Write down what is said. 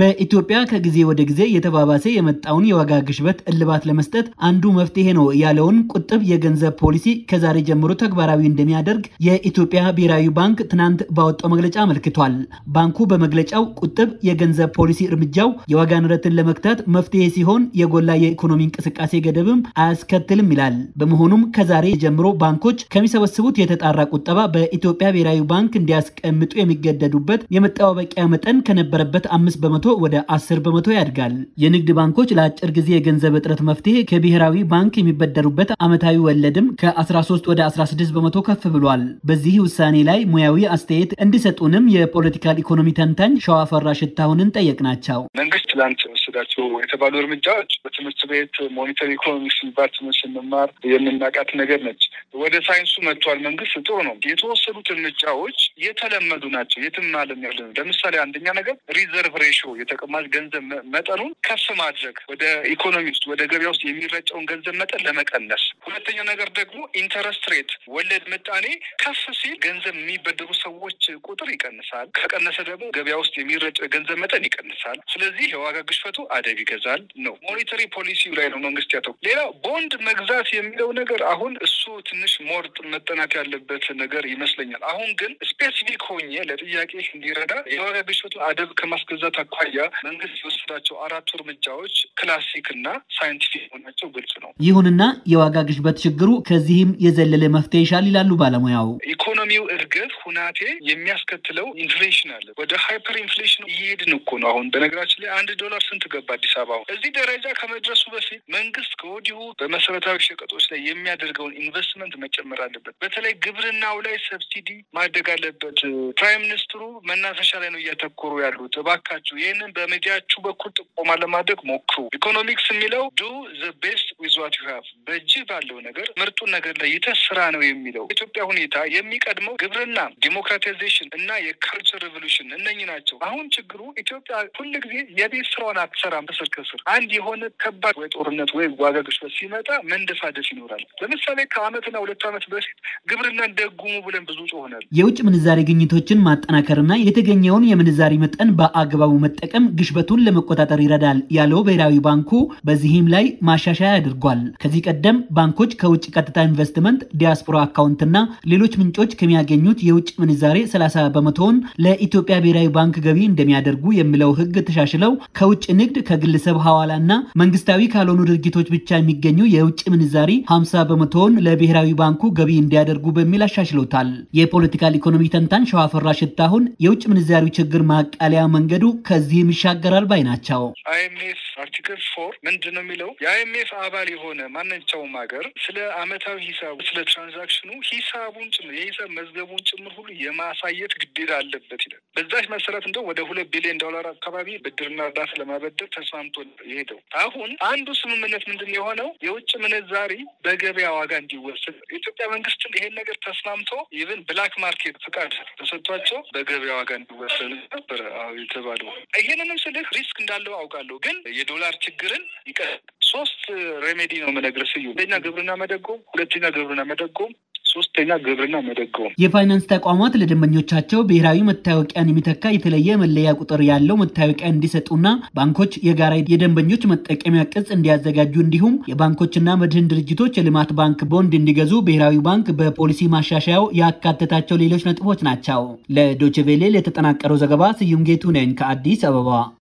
በኢትዮጵያ ከጊዜ ወደ ጊዜ የተባባሰ የመጣውን የዋጋ ግሽበት እልባት ለመስጠት አንዱ መፍትሄ ነው ያለውን ቁጥብ የገንዘብ ፖሊሲ ከዛሬ ጀምሮ ተግባራዊ እንደሚያደርግ የኢትዮጵያ ብሔራዊ ባንክ ትናንት ባወጣው መግለጫ አመልክቷል። ባንኩ በመግለጫው ቁጥብ የገንዘብ ፖሊሲ እርምጃው የዋጋ ንረትን ለመግታት መፍትሄ ሲሆን የጎላ የኢኮኖሚ እንቅስቃሴ ገደብም አያስከትልም ይላል። በመሆኑም ከዛሬ ጀምሮ ባንኮች ከሚሰበስቡት የተጣራ ቁጠባ በኢትዮጵያ ብሔራዊ ባንክ እንዲያስቀምጡ የሚገደዱበት የመጠባበቂያ መጠን ከነበረበት አምስት በመቶ በመቶ ወደ 10 በመቶ ያድጋል። የንግድ ባንኮች ለአጭር ጊዜ የገንዘብ እጥረት መፍትሄ ከብሔራዊ ባንክ የሚበደሩበት ዓመታዊ ወለድም ከ13 ወደ 16 በመቶ ከፍ ብሏል። በዚህ ውሳኔ ላይ ሙያዊ አስተያየት እንዲሰጡንም የፖለቲካል ኢኮኖሚ ተንታኝ ሸዋፈራ ሽታሁንን ጠየቅናቸው። መንግስት ትላንት የወሰዳቸው የተባሉ እርምጃዎች በትምህርት ቤት ሞኒተር ኢኮኖሚክስ የሚባል ትምህርት ስንማር የምናቃት ነገር ነች። ወደ ሳይንሱ መጥቷል መንግስት። ጥሩ ነው። የተወሰዱት እርምጃዎች የተለመዱ ናቸው። የትም ዓለም ያለ ነው። ለምሳሌ አንደኛ ነገር ሪዘርቭ ሬሽዮ የተቀማጭ ገንዘብ መጠኑን ከፍ ማድረግ፣ ወደ ኢኮኖሚ ውስጥ ወደ ገበያ ውስጥ የሚረጨውን ገንዘብ መጠን ለመቀነስ። ሁለተኛ ነገር ደግሞ ኢንተረስት ሬት ወለድ ምጣኔ ከፍ ሲል ገንዘብ የሚበደሩ ሰዎች ቁጥር ይቀንሳል። ከቀነሰ ደግሞ ገበያ ውስጥ የሚረጨ ገንዘብ መጠን ይቀንሳል። ስለዚህ የዋጋ ግሽበቱ አደብ ይገዛል ነው። ሞኔተሪ ፖሊሲው ላይ ነው መንግስት ያተው። ሌላ ቦንድ መግዛት የሚለው ነገር አሁን እሱ ትንሽ ሞርጥ መጠናት ያለበት ነገር ይመስለኛል። አሁን ግን ስፔሲፊክ ሆኜ ለጥያቄ እንዲረዳ የዋጋ ግሽበትን አደብ ከማስገዛት አኳያ መንግስት የወሰዳቸው አራቱ እርምጃዎች ክላሲክ እና ሳይንቲፊክ መሆናቸው ግልጽ ነው። ይሁንና የዋጋ ግሽበት ችግሩ ከዚህም የዘለለ መፍትሄ ይሻል ይላሉ ባለሙያው። ኢኮኖሚው እድገት ሁናቴ የሚያስከትለው ኢንፍሌሽን አለ። ወደ ሃይፐር ኢንፍሌሽን እየሄድን እኮ ነው። አሁን በነገራችን ላይ አንድ ዶላር ስንት የሚገባ አዲስ አበባ እዚህ ደረጃ ከመድረሱ በፊት መንግስት ከወዲሁ በመሰረታዊ ሸቀጦች ላይ የሚያደርገውን ኢንቨስትመንት መጨመር አለበት። በተለይ ግብርናው ላይ ሰብሲዲ ማደግ አለበት። ፕራይም ሚኒስትሩ መናፈሻ ላይ ነው እያተኮሩ ያሉት። እባካችሁ ይህንን በሚዲያችሁ በኩል ጥቆማ ለማድረግ ሞክሩ። ኢኮኖሚክስ የሚለው ዱ ዘ ቤስት ዊዝዋት ዩ በእጅህ ባለው ነገር ምርጡን ነገር ለይተህ ስራ ነው የሚለው ኢትዮጵያ ሁኔታ የሚቀድመው ግብርና፣ ዲሞክራታይዜሽን እና የካልቸር ሬቮሉሽን እነኚህ ናቸው። አሁን ችግሩ ኢትዮጵያ ጊዜ የቤት ስራውን አትሰራም። ከስር ከስር አንድ የሆነ ከባድ ወይ ጦርነት ወይ ዋጋ ግሽበት ሲመጣ መንደፋደፍ ይኖራል። ለምሳሌ ከአመትና ሁለት አመት በፊት ግብርና እንደጉሙ ብለን ብዙ ጮሆናል። የውጭ ምንዛሬ ግኝቶችን ማጠናከርና የተገኘውን የምንዛሬ መጠን በአግባቡ መጠቀም ግሽበቱን ለመቆጣጠር ይረዳል ያለው ብሔራዊ ባንኩ በዚህም ላይ ማሻሻያ ያድርጓል። አድርጓል። ከዚህ ቀደም ባንኮች ከውጭ ቀጥታ ኢንቨስትመንት፣ ዲያስፖራ አካውንትና ሌሎች ምንጮች ከሚያገኙት የውጭ ምንዛሬ 30 በመቶውን ለኢትዮጵያ ብሔራዊ ባንክ ገቢ እንደሚያደርጉ የሚለው ህግ ተሻሽለው ከውጭ ንግድ፣ ከግለሰብ ሐዋላና መንግስታዊ ካልሆኑ ድርጊቶች ብቻ የሚገኙ የውጭ ምንዛሬ 50 በመቶውን ለብሔራዊ ባንኩ ገቢ እንዲያደርጉ በሚል አሻሽሎታል። የፖለቲካል ኢኮኖሚ ተንታኝ ሸዋፈራ ሽታሁን የውጭ ምንዛሪው ችግር ማቃለያ መንገዱ ከዚህም ይሻገራል ባይ ናቸው። አርቲክል ፎር ምንድን ነው የሚለው የአይኤምኤፍ አባል የሆነ ማናቸውም ሀገር ስለ አመታዊ ሂሳቡ ስለ ትራንዛክሽኑ ሂሳቡን ጭምር የሂሳብ መዝገቡን ጭምር ሁሉ የማሳየት ግዴታ አለበት ይላል። በዛች መሰረት እንደው ወደ ሁለት ቢሊዮን ዶላር አካባቢ ብድርና እርዳታ ለማበደር ተስማምቶ የሄደው አሁን አንዱ ስምምነት ምንድን የሆነው የውጭ ምንዛሪ በገበያ ዋጋ እንዲወሰድ የኢትዮጵያ መንግስትም ይሄን ነገር ተስማምቶ ኢቨን ብላክ ማርኬት ፍቃድ ተሰጥቷቸው በገበያ ዋጋ እንዲወሰድ ነበር የተባለው። ይሄንንም ስልህ ሪስክ እንዳለው አውቃለሁ ግን የዶላር ችግርን ይቀር ሶስት ሬሜዲ ነው መነግር ስዩ። አንደኛ ግብርና መደጎም፣ ሁለተኛ ግብርና መደጎም ሶስተኛ ግብርና መደጎም። የፋይናንስ ተቋማት ለደንበኞቻቸው ብሔራዊ መታወቂያን የሚተካ የተለየ መለያ ቁጥር ያለው መታወቂያ እንዲሰጡና ባንኮች የጋራ የደንበኞች መጠቀሚያ ቅጽ እንዲያዘጋጁ እንዲሁም የባንኮችና መድህን ድርጅቶች የልማት ባንክ ቦንድ እንዲገዙ ብሔራዊ ባንክ በፖሊሲ ማሻሻያው ያካተታቸው ሌሎች ነጥቦች ናቸው። ለዶችቬሌ የተጠናቀረው ዘገባ ስዩም ጌቱ ነኝ ከአዲስ አበባ።